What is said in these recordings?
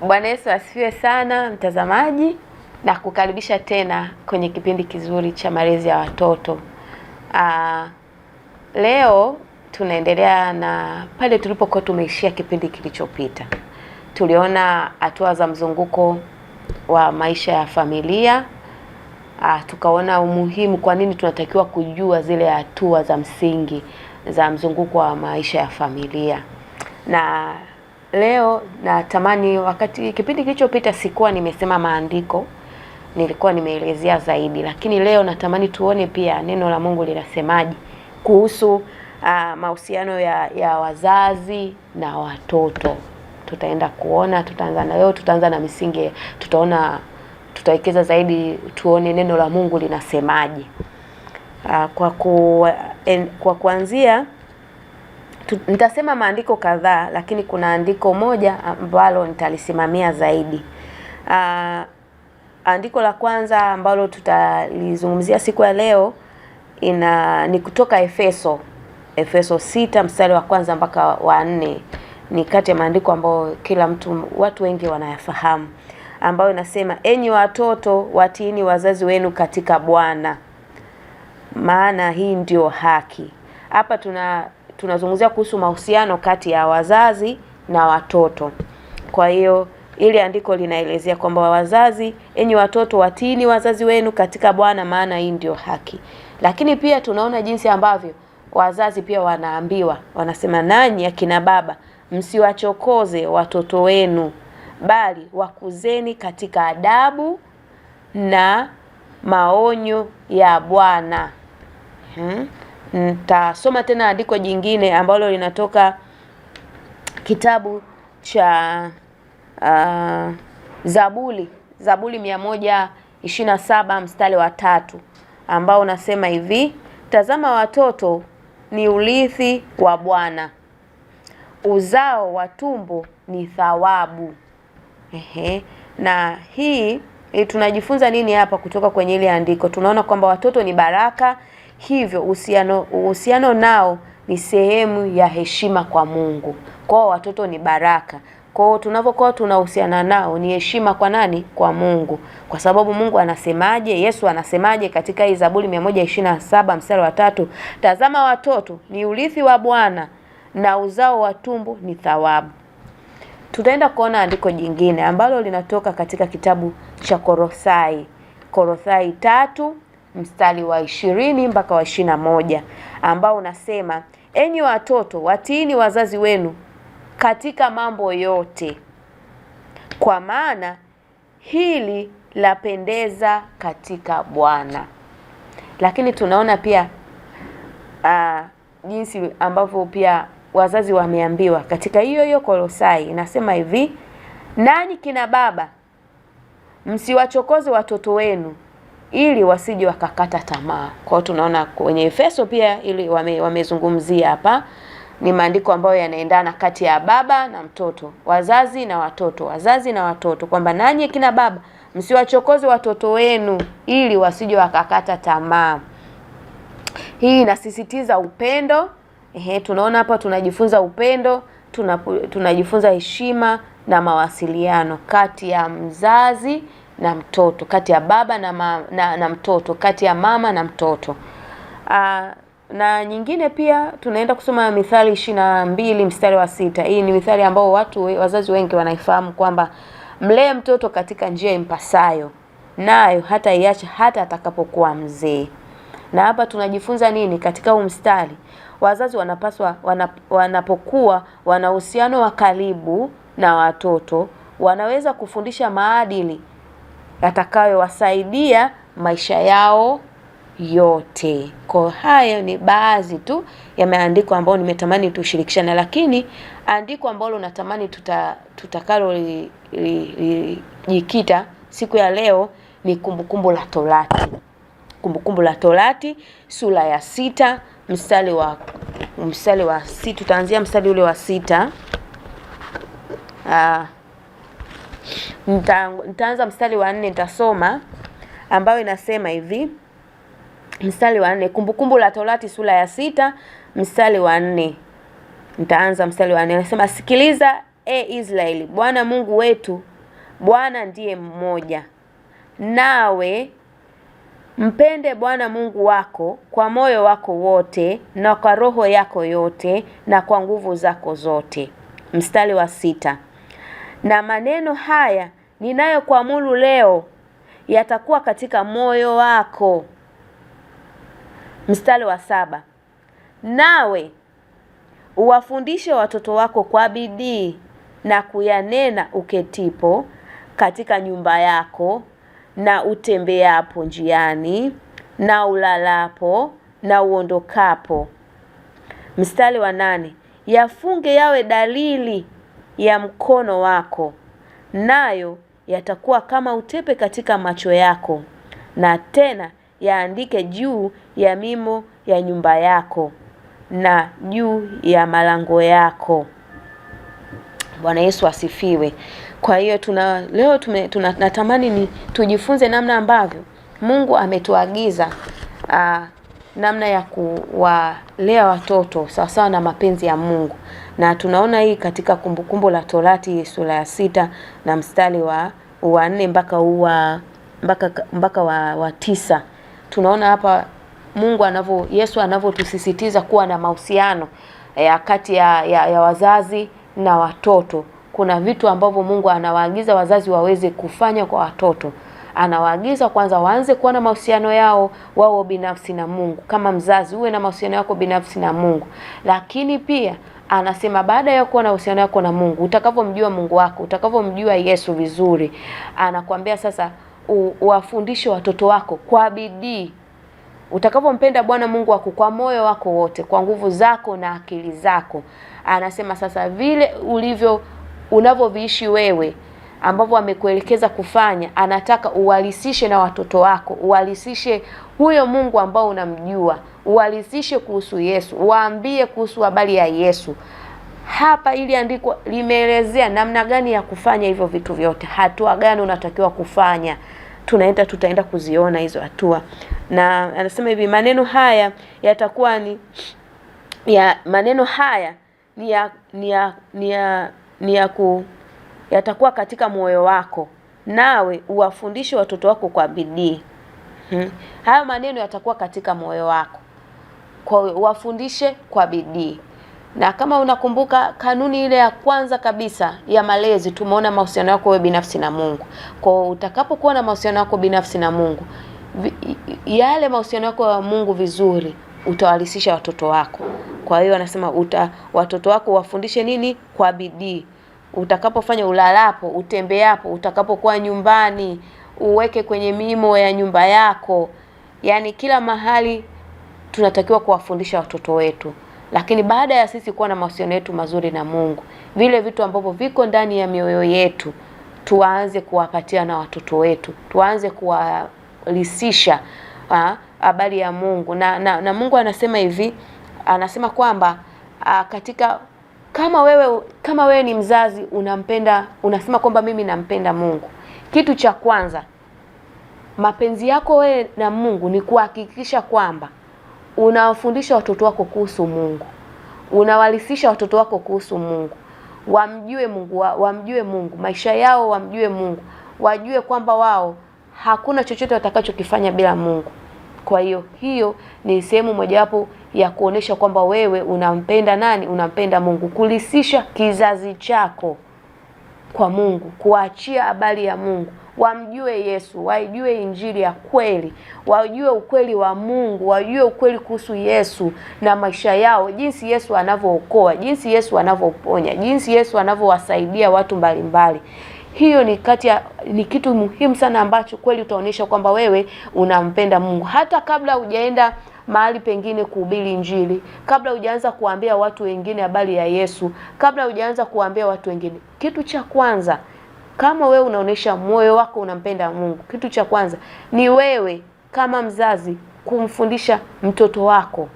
Bwana Yesu asifiwe sana mtazamaji, na kukaribisha tena kwenye kipindi kizuri cha malezi ya watoto. Aa, ah, leo tunaendelea na pale tulipokuwa tumeishia kipindi kilichopita. Tuliona hatua za mzunguko wa maisha ya familia. Aa, ah, tukaona umuhimu, kwa nini tunatakiwa kujua zile hatua za msingi za mzunguko wa maisha ya familia na leo natamani, wakati kipindi kilichopita sikuwa nimesema maandiko, nilikuwa nimeelezea zaidi, lakini leo natamani tuone pia neno la Mungu linasemaje kuhusu ah, mahusiano ya, ya wazazi na watoto. Tutaenda kuona, tutaanza na leo, tutaanza na misingi, tutaona tutawekeza zaidi, tuone neno la Mungu linasemaje. Ah, kwa, ku, en, kwa kuanzia nitasema maandiko kadhaa lakini kuna andiko moja ambalo nitalisimamia zaidi. Uh, andiko la kwanza ambalo tutalizungumzia siku ya leo ina ni kutoka Efeso, Efeso sita mstari wa kwanza mpaka wa nne. Ni kati ya maandiko ambayo kila mtu, watu wengi wanayafahamu, ambayo inasema enyi watoto watiini wazazi wenu katika Bwana, maana hii ndio haki. Hapa tuna tunazungumzia kuhusu mahusiano kati ya wazazi na watoto. Kwa hiyo ili andiko linaelezea kwamba wazazi, enyi watoto, watini wazazi wenu katika Bwana, maana hii ndio haki. Lakini pia tunaona jinsi ambavyo wazazi pia wanaambiwa, wanasema nanyi akina baba msiwachokoze watoto wenu, bali wakuzeni katika adabu na maonyo ya Bwana. Hmm. Nitasoma mm. tena andiko jingine ambalo linatoka kitabu cha uh, ah, Zaburi Zaburi mia moja ishirini na saba mstari wa tatu ambao unasema hivi: tazama watoto ni urithi wa Bwana, uzao wa tumbo ni thawabu. Ehe, na hii eh, tunajifunza nini hapa? Kutoka kwenye ile andiko tunaona kwamba watoto ni baraka Hivyo uhusiano uhusiano nao ni sehemu ya heshima kwa Mungu. Kwao watoto ni baraka. Kwao tunavyokuwa tunahusiana nao ni heshima kwa nani? Kwa Mungu, kwa sababu Mungu anasemaje? Yesu anasemaje katika hii Zaburi mia mstari wa tatu tazama watoto ni urithi wa Bwana na uzao wa tumbo ni thawabu. Tutaenda kuona andiko jingine ambalo linatoka katika kitabu cha Korosai, Korosai tatu mstari wa ishirini mpaka wa ishirini na moja ambao unasema, enyi watoto watiini wazazi wenu katika mambo yote, kwa maana hili lapendeza katika Bwana. Lakini tunaona pia uh, jinsi ambavyo pia wazazi wameambiwa katika hiyo hiyo Kolosai inasema hivi, nanyi kina baba msiwachokoze watoto wenu ili wasije wakakata tamaa. Kwa tunaona kwenye Efeso pia ili wame, wamezungumzia hapa ni maandiko ambayo yanaendana kati ya baba na mtoto, wazazi na watoto, wazazi na watoto, kwamba nanyi kina baba msiwachokoze watoto wenu ili wasije wakakata tamaa. Hii inasisitiza upendo. Ehe, tunaona hapa tunajifunza upendo, tunapu, tunajifunza heshima na mawasiliano kati ya mzazi na mtoto, kati ya baba na, ma, na, na mtoto, kati ya mama na mtoto. Aa, ah, na nyingine pia tunaenda kusoma Mithali ishirini na mbili mstari wa sita. Hii ni mithali ambao watu wazazi wengi wanaifahamu kwamba mlee mtoto katika njia impasayo, nayo hata iacha hata atakapokuwa mzee. Na hapa tunajifunza nini katika huu mstari? Wazazi wanapaswa wanap, wanapokuwa wana uhusiano wa karibu na watoto wanaweza kufundisha maadili yatakayowasaidia maisha yao yote. Kwa hayo ni baadhi tu ya maandiko ambayo nimetamani tushirikishana, lakini andiko ambalo natamani tuta tutakalojikita siku ya leo ni Kumbukumbu la Torati. Kumbukumbu la Torati sura ya sita mstari wa mstari wa sita, tutaanzia mstari ule wa sita. Aa, ah, Nitaanza mstari wa nne nitasoma ambayo inasema hivi. Mstari wa nne Kumbukumbu la Torati sura ya sita mstari wa nne Nitaanza mstari wa nne anasema, sikiliza e Israeli, Bwana Mungu wetu Bwana ndiye mmoja, nawe mpende Bwana Mungu wako kwa moyo wako wote na kwa roho yako yote na kwa nguvu zako zote. Mstari wa sita na maneno haya ninayokuamuru leo yatakuwa katika moyo wako. Mstari wa saba, nawe uwafundishe watoto wako kwa bidii na kuyanena uketipo katika nyumba yako na utembeapo njiani na ulalapo na uondokapo. Mstari wa nane, yafunge yawe dalili ya mkono wako, nayo yatakuwa kama utepe katika macho yako. Na tena yaandike juu ya mimo ya nyumba yako na juu ya malango yako. Bwana Yesu asifiwe. Kwa hiyo tuna leo tume, tuna, natamani ni tujifunze namna ambavyo Mungu ametuagiza aa, ah, namna ya kuwalea watoto sawasawa na mapenzi ya Mungu na tunaona hii katika Kumbukumbu la Torati sura ya sita na mstari wa wa nne mpaka wa mpaka mpaka wa, wa tisa. Tunaona hapa Mungu anavyo Yesu anavyotusisitiza kuwa na mahusiano ya e, kati ya, ya, ya wazazi na watoto. Kuna vitu ambavyo Mungu anawaagiza wazazi waweze kufanya kwa watoto anawaagiza kwanza waanze kuwa na mahusiano yao wao binafsi na Mungu. Kama mzazi, uwe na mahusiano yako binafsi na Mungu, lakini pia anasema baada ya kuwa na uhusiano wako na Mungu, utakavyomjua Mungu wako, utakavyomjua Yesu vizuri, anakuambia sasa uwafundishe watoto wako kwa bidii utakavyompenda Bwana Mungu wako kwa moyo wako wote, kwa nguvu zako na akili zako. Anasema sasa vile ulivyo unavyoviishi wewe ambavyo amekuelekeza kufanya, anataka uwalisishe na watoto wako, uwalisishe huyo Mungu ambao unamjua, uwalisishe kuhusu Yesu, waambie kuhusu habari ya Yesu. Hapa ili andiko limeelezea namna gani ya kufanya hivyo vitu vyote, hatua gani unatakiwa kufanya. Tunaenda, tutaenda kuziona hizo hatua, na anasema hivi, maneno haya yatakuwa ni ya maneno haya ni ya ni ya ni ya, ni ya ku yatakuwa katika moyo wako, nawe uwafundishe watoto wako kwa bidii. Hmm. Hayo maneno yatakuwa katika moyo wako, kwa wafundishe kwa bidii. Na kama unakumbuka kanuni ile ya kwanza kabisa ya malezi, tumeona mahusiano yako wewe binafsi na Mungu. Kwa utakapokuwa na mahusiano yako binafsi na Mungu, yale mahusiano yako ya Mungu vizuri, utawalisisha watoto wako. Kwa hiyo anasema uta, watoto wako wafundishe nini? Kwa bidii utakapofanya ulalapo, utembeapo, utakapokuwa nyumbani, uweke kwenye mimo ya nyumba yako, yaani kila mahali tunatakiwa kuwafundisha watoto wetu. Lakini baada ya sisi kuwa na mahusiano yetu mazuri na Mungu, vile vitu ambavyo viko ndani ya mioyo yetu tuanze kuwapatia na watoto wetu, tuanze kuwalisisha ah, habari ya Mungu na, na, na Mungu anasema hivi, anasema kwamba ah, katika kama wewe kama wewe ni mzazi unampenda, unasema kwamba mimi nampenda Mungu, kitu cha kwanza mapenzi yako wewe na Mungu ni kuhakikisha kwamba unawafundisha watoto wako kuhusu Mungu, unawalisisha watoto wako kuhusu Mungu, wamjue Mungu, wamjue Mungu, maisha yao wamjue Mungu, wajue kwamba wao hakuna chochote watakachokifanya bila Mungu. Kwa hiyo hiyo ni sehemu mojawapo ya kuonesha kwamba wewe unampenda nani? Unampenda Mungu, kulisisha kizazi chako kwa Mungu, kuachia habari ya Mungu, wamjue Yesu, waijue injili ya kweli, wajue ukweli wa Mungu, wajue ukweli kuhusu Yesu na maisha yao, jinsi Yesu anavyookoa, jinsi Yesu anavyoponya, jinsi Yesu anavyowasaidia watu mbalimbali mbali. Hiyo ni kati ya ni kitu muhimu sana ambacho kweli utaonyesha kwamba wewe unampenda Mungu hata kabla hujaenda mahali pengine kuhubiri Injili, kabla hujaanza kuambia watu wengine habari ya Yesu, kabla hujaanza kuambia watu wengine, kitu cha kwanza kama wewe unaonyesha moyo wako unampenda Mungu, kitu cha kwanza ni wewe kama mzazi kumfundisha mtoto wako,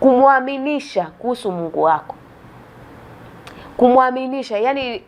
kumwaminisha kuhusu Mungu wako, kumwaminisha yani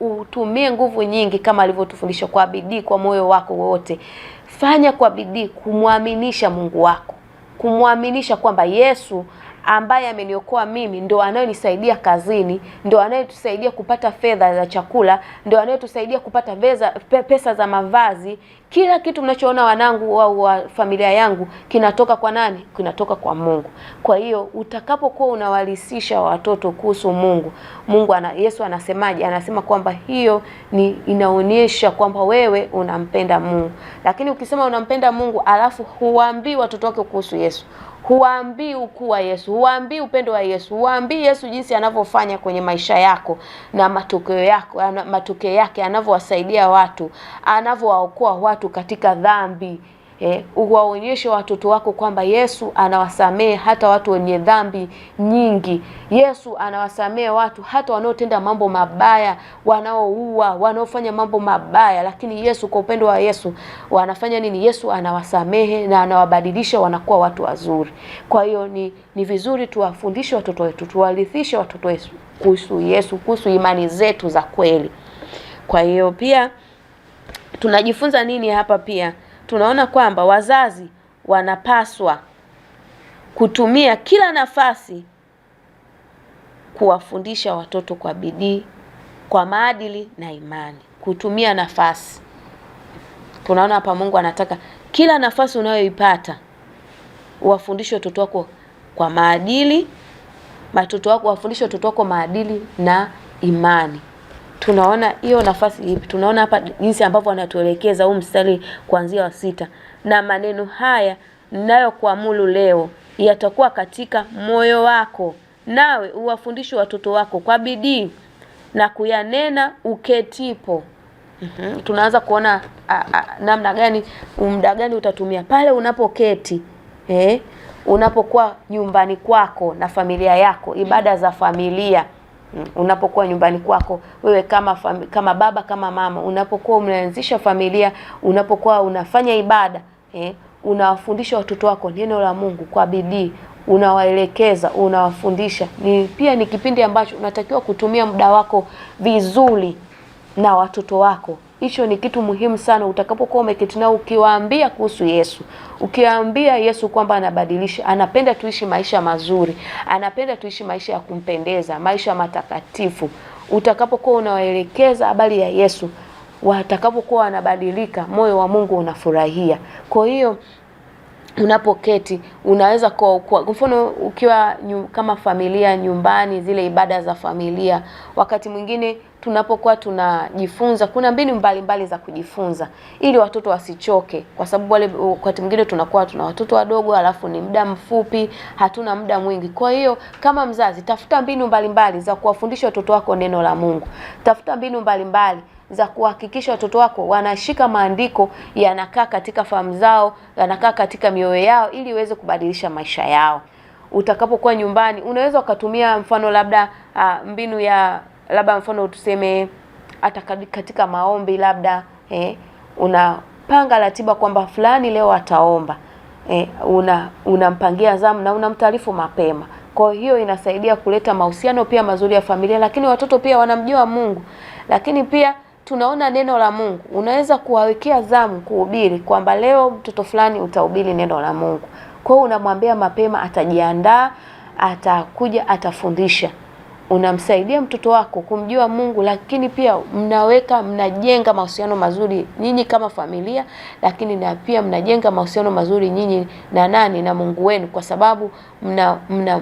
utumie nguvu nyingi kama alivyotufundisha, kwa bidii, kwa moyo wako wote, fanya kwa bidii kumwaminisha Mungu wako kumwaminisha kwamba Yesu ambaye ameniokoa mimi ndo anayenisaidia kazini, ndo anayetusaidia kupata fedha za chakula, ndo anayetusaidia kupata veza, pe, pesa za mavazi. Kila kitu mnachoona wanangu au wa familia yangu kinatoka kwa nani? Kinatoka kwa Mungu. Kwa hiyo utakapokuwa unawalisisha watoto kuhusu Mungu, Mungu ana, Yesu anasemaje? Anasema kwamba hiyo ni inaonyesha kwamba wewe unampenda Mungu. Lakini ukisema unampenda Mungu alafu huwaambii watoto wake kuhusu Yesu huwaambii ukuu wa Yesu, huwaambii upendo wa Yesu, huwaambii Yesu jinsi anavyofanya kwenye maisha yako na matokeo yako, matokeo yake anavyowasaidia watu, anavyowaokoa watu katika dhambi eh, uwaonyeshe watoto wako kwamba Yesu anawasamehe hata watu wenye dhambi nyingi. Yesu anawasamehe watu hata wanaotenda mambo mabaya, wanaoua, wanaofanya mambo mabaya, lakini Yesu kwa upendo wa Yesu wanafanya nini? Yesu anawasamehe na anawabadilisha, wanakuwa watu wazuri. Kwa hiyo ni, ni vizuri tuwafundishe watoto wetu, tuwarithishe watoto wetu kuhusu Yesu, kuhusu imani zetu za kweli. Kwa hiyo pia tunajifunza nini hapa pia? tunaona kwamba wazazi wanapaswa kutumia kila nafasi kuwafundisha watoto kwa bidii, kwa maadili na imani. Kutumia nafasi, tunaona hapa Mungu anataka kila nafasi unayoipata uwafundishe watoto wako kwa maadili, watoto wako wafundishe watoto wako maadili na imani tunaona hiyo nafasi ipi? Tunaona hapa jinsi ambavyo anatuelekeza huu mstari kuanzia wa sita, na maneno haya ninayokuamuru leo yatakuwa katika moyo wako, nawe uwafundishe watoto wako kwa bidii na kuyanena uketipo. Mm-hmm. Tunaanza kuona namna gani, muda gani utatumia pale unapoketi, eh, unapokuwa nyumbani kwako na familia yako, ibada za familia Mm. Unapokuwa nyumbani kwako wewe kama fami, kama baba kama mama, unapokuwa umeanzisha familia, unapokuwa unafanya ibada eh, unawafundisha watoto wako neno la Mungu kwa bidii, unawaelekeza, unawafundisha. Ni pia ni kipindi ambacho unatakiwa kutumia muda wako vizuri na watoto wako. Hicho ni kitu muhimu sana. Utakapokuwa umeketi nao, ukiwaambia kuhusu Yesu, ukiwaambia Yesu kwamba anabadilisha, anapenda tuishi maisha mazuri, anapenda tuishi maisha ya kumpendeza, maisha matakatifu. Utakapokuwa unawaelekeza habari ya Yesu, watakapokuwa wanabadilika, moyo wa Mungu unafurahia. Kwa hiyo unapoketi unaweza kwa, mfano ukiwa nyu, kama familia nyumbani, zile ibada za familia. Wakati mwingine tunapokuwa tunajifunza, kuna mbinu mbalimbali mbali za kujifunza ili watoto wasichoke, kwa sababu wale wakati mwingine tunakuwa tuna watoto wadogo, alafu ni muda mfupi, hatuna muda mwingi. Kwa hiyo kama mzazi, tafuta mbinu mbalimbali mbali za kuwafundisha watoto wako neno la Mungu, tafuta mbinu mbalimbali mbali za kuhakikisha watoto wako wanashika maandiko, yanakaa katika fahamu zao, yanakaa katika mioyo yao, ili iweze kubadilisha maisha yao. Utakapokuwa nyumbani, unaweza ukatumia mfano labda uh, mbinu ya labda mfano tuseme hata katika maombi labda eh, unapanga ratiba kwamba fulani leo ataomba eh, una unampangia zamu na unamtaarifu mapema. Kwa hiyo inasaidia kuleta mahusiano pia mazuri ya familia, lakini watoto pia wanamjua Mungu, lakini pia tunaona neno la Mungu, unaweza kuwawekea zamu kuhubiri kwamba leo mtoto fulani utahubiri neno la Mungu. Kwa hiyo unamwambia mapema, atajiandaa, atakuja, atafundisha. Unamsaidia mtoto wako kumjua Mungu, lakini pia mnaweka mnajenga mahusiano mazuri nyinyi kama familia, lakini na pia mnajenga mahusiano mazuri nyinyi na nani, na Mungu wenu, kwa sababu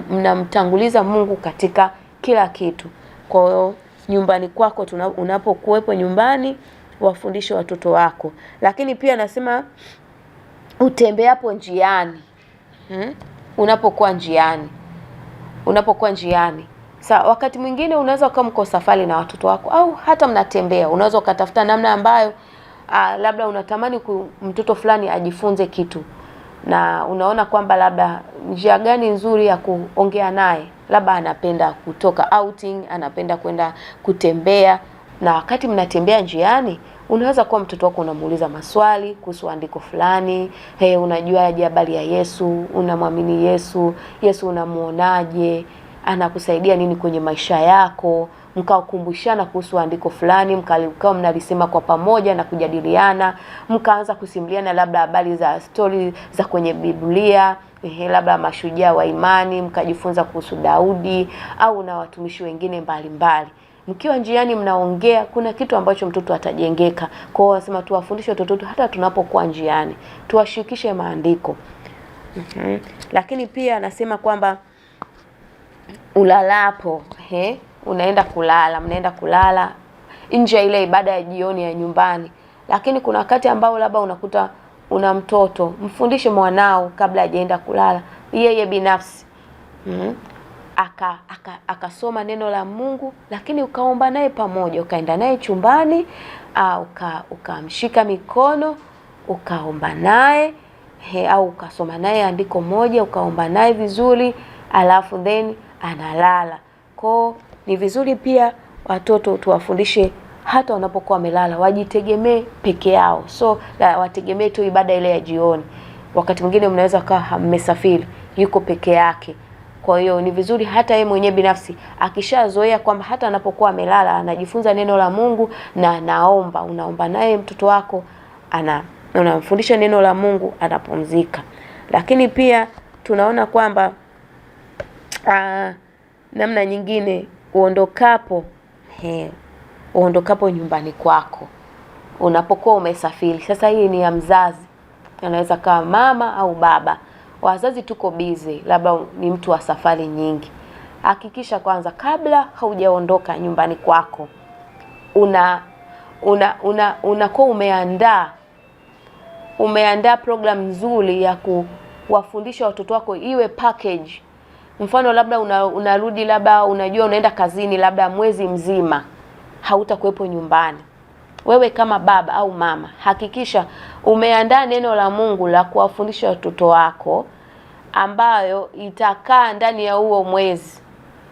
mnamtanguliza mna, mna Mungu katika kila kitu. Kwa hiyo nyumbani kwako, unapokuwepo nyumbani, wafundishe watoto wako. Lakini pia nasema utembeapo njiani, hmm? unapokuwa njiani, unapokuwa njiani Sa, wakati mwingine unaweza ukawa mko safari na watoto wako au hata mnatembea, unaweza ukatafuta namna ambayo a, labda unatamani mtoto fulani ajifunze kitu na unaona kwamba labda njia gani nzuri ya kuongea naye labda anapenda kutoka outing, anapenda kwenda kutembea. Na wakati mnatembea njiani, unaweza kuwa mtoto wako unamuuliza maswali kuhusu andiko fulani. Hey, unajuaje habari ya Yesu? Unamwamini Yesu? Yesu unamuonaje? Anakusaidia nini kwenye maisha yako? mkakumbushana kuhusu andiko fulani, mkawa mnalisema kwa pamoja na kujadiliana, mkaanza kusimuliana labda habari za stori za kwenye Biblia, labda mashujaa wa imani, mkajifunza kuhusu Daudi au na watumishi wengine mbalimbali mkiwa njiani mnaongea, kuna kitu ambacho mtoto atajengeka. Kwa hiyo wasema tuwafundishe watoto wetu hata tunapokuwa njiani, tuwashirikishe maandiko mm-hmm. Lakini pia anasema kwamba ulalapo he unaenda kulala, mnaenda kulala nje ya ile ibada ya jioni ya nyumbani. Lakini kuna wakati ambao labda unakuta una mtoto, mfundishe mwanao kabla hajaenda kulala, yeye binafsi mm-hmm. Aka, aka akasoma neno la Mungu, lakini ukaomba naye pamoja, ukaenda naye chumbani au uka, ukamshika mikono ukaomba naye au ukasoma naye andiko moja ukaomba naye vizuri, alafu then analala kwao. Ni vizuri pia watoto tuwafundishe hata wanapokuwa wamelala wajitegemee peke yao, so wategemee tu ibada ile ya jioni. Wakati mwingine mnaweza kawa mmesafiri, yuko peke yake. Kwa hiyo ni vizuri hata yeye mwenyewe binafsi akishazoea kwamba hata anapokuwa amelala anajifunza neno la Mungu na naomba, unaomba naye mtoto wako ana unamfundisha neno la Mungu, anapumzika. Lakini pia tunaona kwamba aa, ah, namna nyingine uondokapo he, uondokapo nyumbani kwako unapokuwa umesafiri. Sasa hii ni ya mzazi, anaweza kawa mama au baba. Wazazi tuko bizi, labda ni mtu wa safari nyingi. Hakikisha kwanza kabla haujaondoka nyumbani kwako una una una unakuwa umeandaa umeandaa programu nzuri ya kuwafundisha watoto wako, iwe package Mfano labda una, unarudi labda unajua unaenda kazini labda mwezi mzima hautakuwepo nyumbani. Wewe kama baba au mama, hakikisha umeandaa neno la Mungu la kuwafundisha watoto wako ambayo itakaa ndani ya huo mwezi,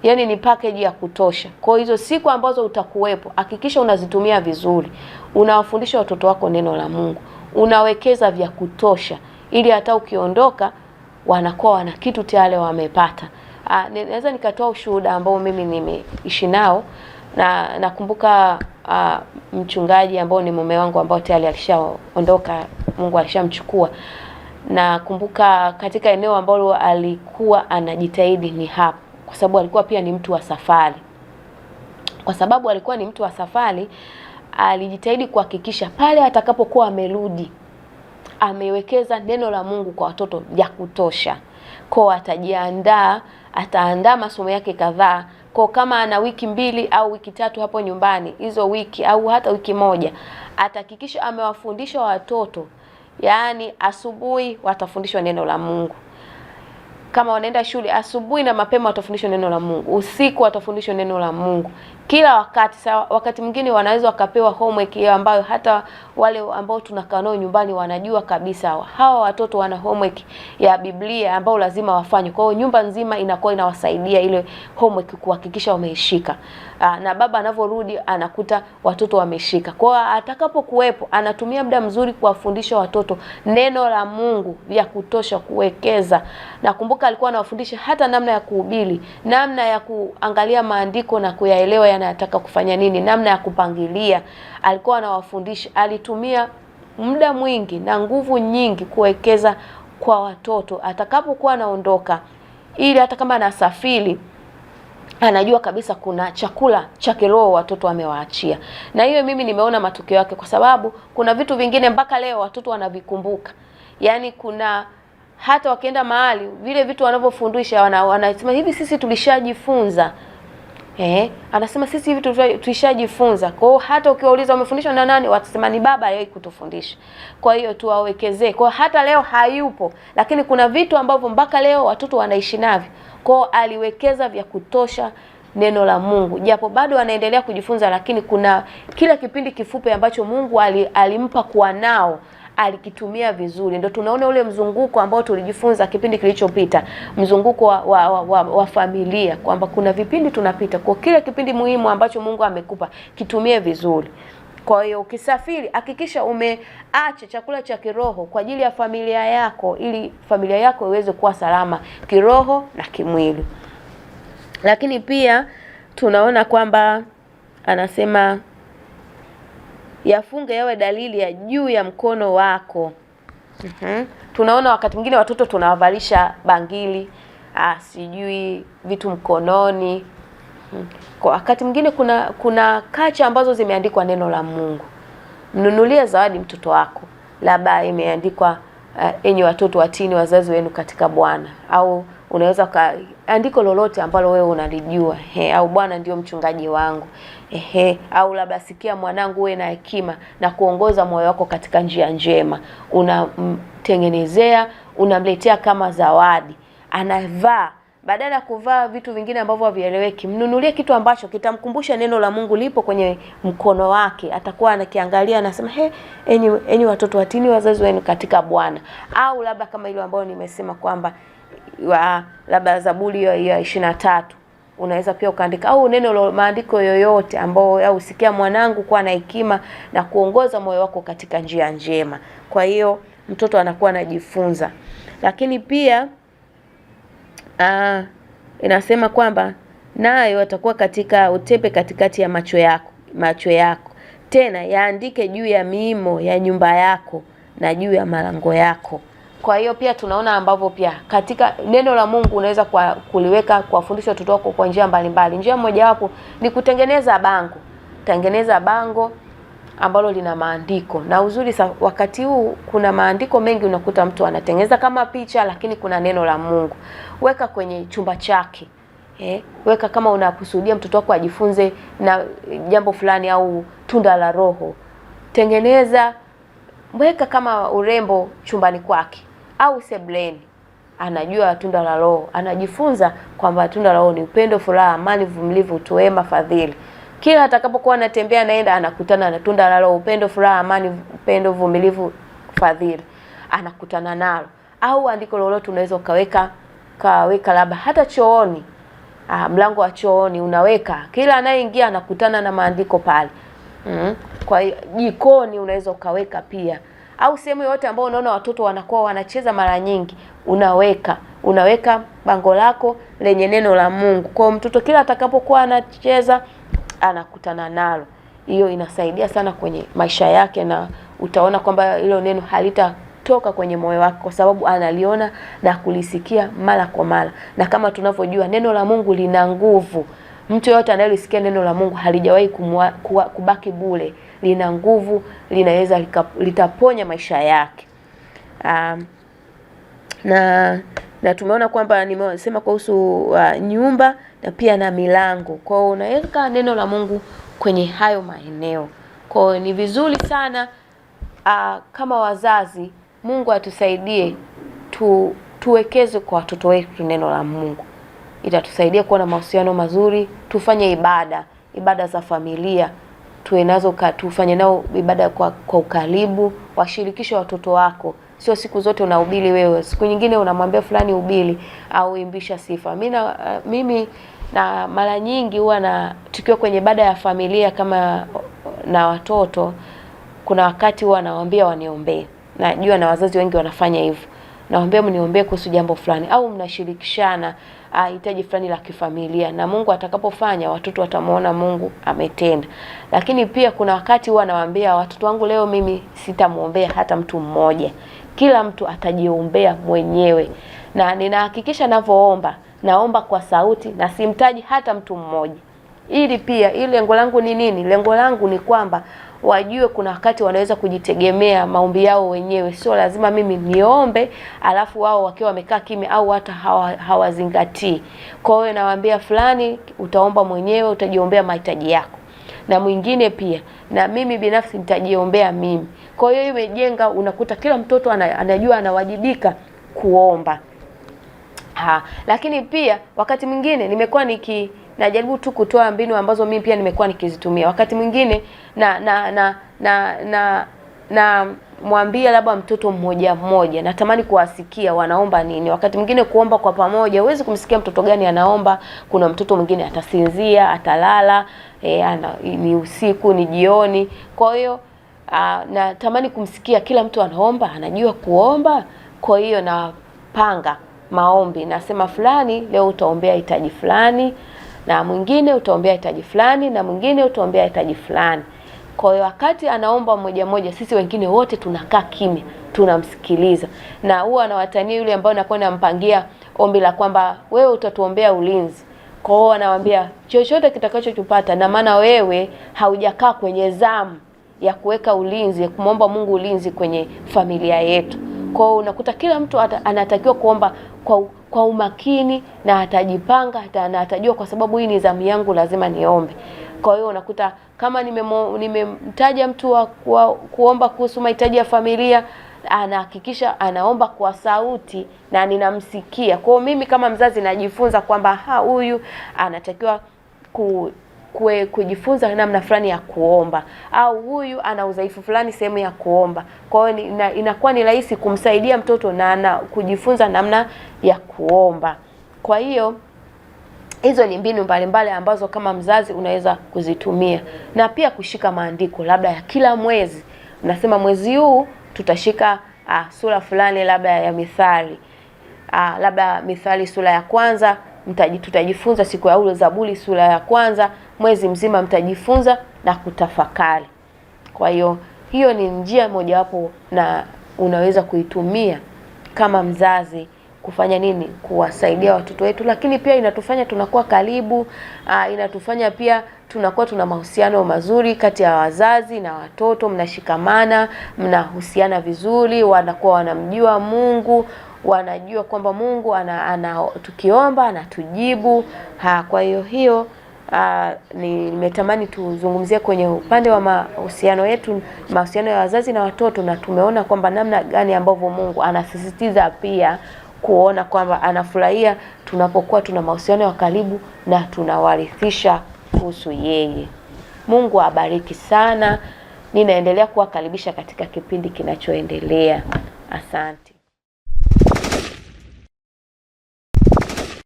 yaani ni package ya kutosha. Kwa hizo siku ambazo utakuwepo, hakikisha unazitumia vizuri, unawafundisha watoto wako neno la Mungu, unawekeza vya kutosha, ili hata ukiondoka wanakuwa wana kitu tayari wamepata. Ah, naweza nikatoa ushuhuda ambao mimi nimeishi nao, na nakumbuka ah, mchungaji ambao ni mume wangu ambao tayari alishaondoka, Mungu alishamchukua. Nakumbuka katika eneo ambalo alikuwa anajitahidi ni hapo, kwa sababu alikuwa pia ni mtu wa safari. Kwa sababu alikuwa ni mtu wa safari, alijitahidi kuhakikisha pale atakapokuwa amerudi amewekeza neno la Mungu kwa watoto ya kutosha. Kwa atajiandaa, ataandaa masomo yake kadhaa. Kwa kama ana wiki mbili au wiki tatu hapo nyumbani, hizo wiki au hata wiki moja, atahakikisha amewafundisha watoto, yaani asubuhi watafundishwa neno la Mungu kama wanaenda shule asubuhi na mapema watafundishwa neno la Mungu, usiku watafundishwa neno la Mungu kila wakati. Sawa, wakati mwingine wanaweza wakapewa homework ambayo hata wale ambao tunakaa nao nyumbani wanajua kabisa hawa watoto wana homework ya Biblia ambao lazima wafanye. Kwa hiyo nyumba nzima inakuwa inawasaidia ile homework kuhakikisha wameishika, ah, na baba anavyorudi anakuta watoto wameshika. Kwa hiyo atakapokuwepo anatumia muda mzuri kuwafundisha watoto neno la Mungu vya kutosha kuwekeza. Nakumbuka alikuwa anawafundisha hata namna ya kuhubiri, namna ya kuangalia maandiko na kuyaelewa kijana anataka kufanya nini, namna ya kupangilia. Alikuwa anawafundisha, alitumia muda mwingi na nguvu nyingi kuwekeza kwa watoto. Atakapokuwa anaondoka, ili hata kama anasafiri anajua kabisa kuna chakula cha kiroho watoto amewaachia Na hiyo mimi nimeona matokeo yake, kwa sababu kuna vitu vingine mpaka leo watoto wanavikumbuka. Yaani kuna hata wakienda mahali vile vitu wanavyofundisha wanasema wana, hivi sisi tulishajifunza. Eh, anasema sisi hivi tulishajifunza. Kwa hiyo hata ukiwauliza umefundishwa na nani, watasema ni baba yeye kutufundisha. Kwa hiyo tuwawekezee. Kwa hiyo hata leo hayupo, lakini kuna vitu ambavyo mpaka leo watoto wanaishi navyo. Kwa hiyo aliwekeza vya kutosha neno la Mungu, japo bado anaendelea kujifunza, lakini kuna kila kipindi kifupi ambacho Mungu alimpa kuwa nao alikitumia vizuri, ndio tunaona ule mzunguko ambao tulijifunza kipindi kilichopita, mzunguko wa, wa, wa, wa, wa familia, kwamba kuna vipindi tunapita kwa kile kipindi muhimu ambacho Mungu amekupa kitumie vizuri. Kwa hiyo ukisafiri, hakikisha umeacha chakula cha kiroho kwa ajili ya familia yako, ili familia yako iweze kuwa salama kiroho na kimwili. Lakini pia tunaona kwamba anasema yafunge yawe dalili ya juu ya mkono wako. Mm-hmm. Tunaona wakati mwingine watoto tunawavalisha bangili, ah, sijui vitu mkononi. Mm. Kwa wakati mwingine kuna kuna kacha ambazo zimeandikwa neno la Mungu. Mnunulie zawadi mtoto wako, labda imeandikwa uh, enyi watoto watini wazazi wenu katika Bwana, au unaweza andiko lolote ambalo wewe unalijua he, au Bwana ndio mchungaji wangu ehe, au labda sikia mwanangu, uwe na hekima na kuongoza moyo wako katika njia njema. Unamtengenezea, unamletea kama zawadi, anavaa badala ya kuvaa vitu vingine ambavyo havieleweki, mnunulie kitu ambacho kitamkumbusha neno la Mungu lipo kwenye mkono wake, atakuwa anakiangalia anasema, he, enyi enyi watoto watini wazazi wenu katika Bwana. Au labda kama ile ambayo nimesema kwamba wa labda Zaburi ya ishirini na tatu unaweza pia ukaandika au neno la maandiko yoyote ambao au sikia mwanangu, kuwa na hekima na kuongoza moyo wako katika njia njema. Kwa hiyo mtoto anakuwa anajifunza, lakini pia aa, ah, inasema kwamba nayo atakuwa katika utepe katikati ya macho yako macho yako, tena yaandike juu ya miimo ya nyumba yako na juu ya malango yako. Kwa hiyo pia tunaona ambavyo pia katika neno la Mungu unaweza kwa kuliweka kuwafundisha watoto wako kwa njia mbalimbali. Njia mojawapo ni kutengeneza bango, tengeneza bango ambalo lina maandiko na uzuri sa, wakati huu kuna maandiko mengi, unakuta mtu anatengeneza kama picha, lakini kuna neno la Mungu. Weka kwenye chumba chake eh, weka kama unakusudia mtoto wako ajifunze na jambo fulani au tunda la Roho, tengeneza weka kama urembo chumbani kwake au sebleni, anajua tunda la Roho, anajifunza kwamba tunda la Roho ni upendo, furaha, amani, vumilivu, utu wema, fadhili. Kila atakapokuwa anatembea naenda, anakutana na tunda la Roho: upendo, furaha, amani, upendo, vumilivu fadhili, anakutana nalo. Au andiko lolote unaweza ukaweka kaweka, labda hata chooni, ah, mlango wa chooni unaweka, kila anayeingia anakutana na maandiko pale. Mm. Kwa jikoni unaweza ukaweka pia au sehemu yoyote ambayo unaona watoto wanakuwa wanacheza mara nyingi, unaweka unaweka bango lako lenye neno la Mungu. Kwa mtoto kila atakapokuwa anacheza anakutana nalo. Hiyo inasaidia sana kwenye maisha yake, na utaona kwamba hilo neno halitatoka kwenye moyo wake, kwa sababu analiona na kulisikia mara kwa mara. Na kama tunavyojua neno la Mungu lina nguvu. Mtu yoyote anayelisikia neno la Mungu halijawahi kubaki bure lina nguvu, linaweza litaponya maisha yake. Um, na na tumeona kwamba nimesema kuhusu uh, nyumba na pia na milango. Kwa hiyo unaweka neno la Mungu kwenye hayo maeneo. Kwa hiyo ni vizuri sana uh, kama wazazi, Mungu atusaidie tu, tuwekeze kwa watoto wetu neno la Mungu, itatusaidia kuwa na mahusiano mazuri. Tufanye ibada ibada za familia tuwe nazo, tufanye nao ibada kwa, kwa ukaribu. Washirikishe watoto wako, sio siku zote unahubiri wewe, siku nyingine unamwambia fulani hubiri au imbisha sifa. Mimi na mimi na mara nyingi huwa na tukiwa kwenye ibada ya familia kama na watoto, kuna wakati huwa nawaambia waniombee. Najua na wazazi wengi wanafanya hivyo nawaambia mniombee kuhusu jambo fulani, au mnashirikishana ah, hitaji fulani la kifamilia, na Mungu atakapofanya watoto watamwona Mungu ametenda. Lakini pia kuna wakati huwa nawaambia watoto wangu, leo mimi sitamwombea hata mtu mmoja, kila mtu atajiombea mwenyewe, na ninahakikisha navyoomba, naomba kwa sauti na simtaji hata mtu mmoja, ili pia, ili lengo langu ni nini? Lengo langu ni kwamba wajue kuna wakati wanaweza kujitegemea maombi yao wenyewe, sio lazima mimi niombe alafu wao wakiwa wamekaa kimya au hata hawazingatii. Kwa hiyo nawaambia fulani, utaomba mwenyewe, utajiombea mahitaji yako na mwingine pia, na mimi binafsi nitajiombea mimi. Kwa hiyo imejenga, unakuta kila mtoto anajua anawajibika kuomba ha. Lakini pia wakati mwingine nimekuwa niki najaribu tu kutoa mbinu ambazo mimi pia nimekuwa nikizitumia wakati mwingine, na na na na, na, na mwambie labda mtoto mmoja mmoja, natamani kuwasikia wanaomba nini. Wakati mwingine kuomba kwa pamoja, huwezi kumsikia mtoto gani anaomba. Kuna mtoto mwingine atasinzia, atalala, e, ana, ni usiku, ni jioni. Kwa hiyo natamani kumsikia kila mtu anaomba, anajua kuomba. Kwa hiyo napanga maombi, nasema fulani, leo utaombea hitaji fulani na mwingine utaombea hitaji fulani na mwingine utaombea hitaji fulani. Kwa hiyo wakati anaomba mmoja mmoja, sisi wengine wote tunakaa kimya, tunamsikiliza, na huwa anawatania yule ambaye anakuwa nampangia ombi la kwamba wewe utatuombea ulinzi. Kwa hiyo anawaambia chochote kitakachotupata, na maana wewe haujakaa kwenye zamu ya kuweka ulinzi, ya kumwomba Mungu ulinzi kwenye familia yetu. Kwa hiyo unakuta kila mtu anatakiwa kuomba kwa kwa umakini na atajipanga hata, na atajua kwa sababu hii ni zamu yangu, lazima niombe. Kwa hiyo unakuta kama nimemtaja nime mtu wa kuwa, kuomba kuhusu mahitaji ya familia anahakikisha anaomba kwa sauti na ninamsikia. Kwa hiyo mimi kama mzazi najifunza kwamba ha, huyu anatakiwa ku kwe, kujifunza namna fulani ya kuomba au huyu ana udhaifu fulani sehemu ya kuomba. Kwa hiyo ina, inakuwa ni rahisi kumsaidia mtoto na ana kujifunza namna ya kuomba. Kwa hiyo hizo ni mbinu mbalimbali ambazo kama mzazi unaweza kuzitumia, na pia kushika maandiko labda ya kila mwezi. Unasema mwezi huu tutashika ah, sura fulani labda ya Mithali ah, labda Mithali sura ya kwanza mtaji, tutajifunza siku ya ule Zaburi sura ya kwanza mwezi mzima mtajifunza na kutafakari. Kwa hiyo hiyo ni njia mojawapo na unaweza kuitumia kama mzazi kufanya nini, kuwasaidia watoto wetu, lakini pia inatufanya tunakuwa karibu. Ah, inatufanya pia tunakuwa tuna mahusiano mazuri kati ya wazazi na watoto, mnashikamana, mnahusiana vizuri, wanakuwa wanamjua Mungu, wanajua kwamba Mungu ana, ana tukiomba anatujibu. Ah, kwa hiyo hiyo Ah, nimetamani ni tuzungumzie kwenye upande wa mahusiano yetu, mahusiano ya wazazi na watoto, na tumeona kwamba namna gani ambavyo Mungu anasisitiza pia kuona kwamba anafurahia tunapokuwa tuna mahusiano ya karibu na tunawarithisha kuhusu yeye. Mungu abariki sana. Ninaendelea kuwakaribisha katika kipindi kinachoendelea. Asante.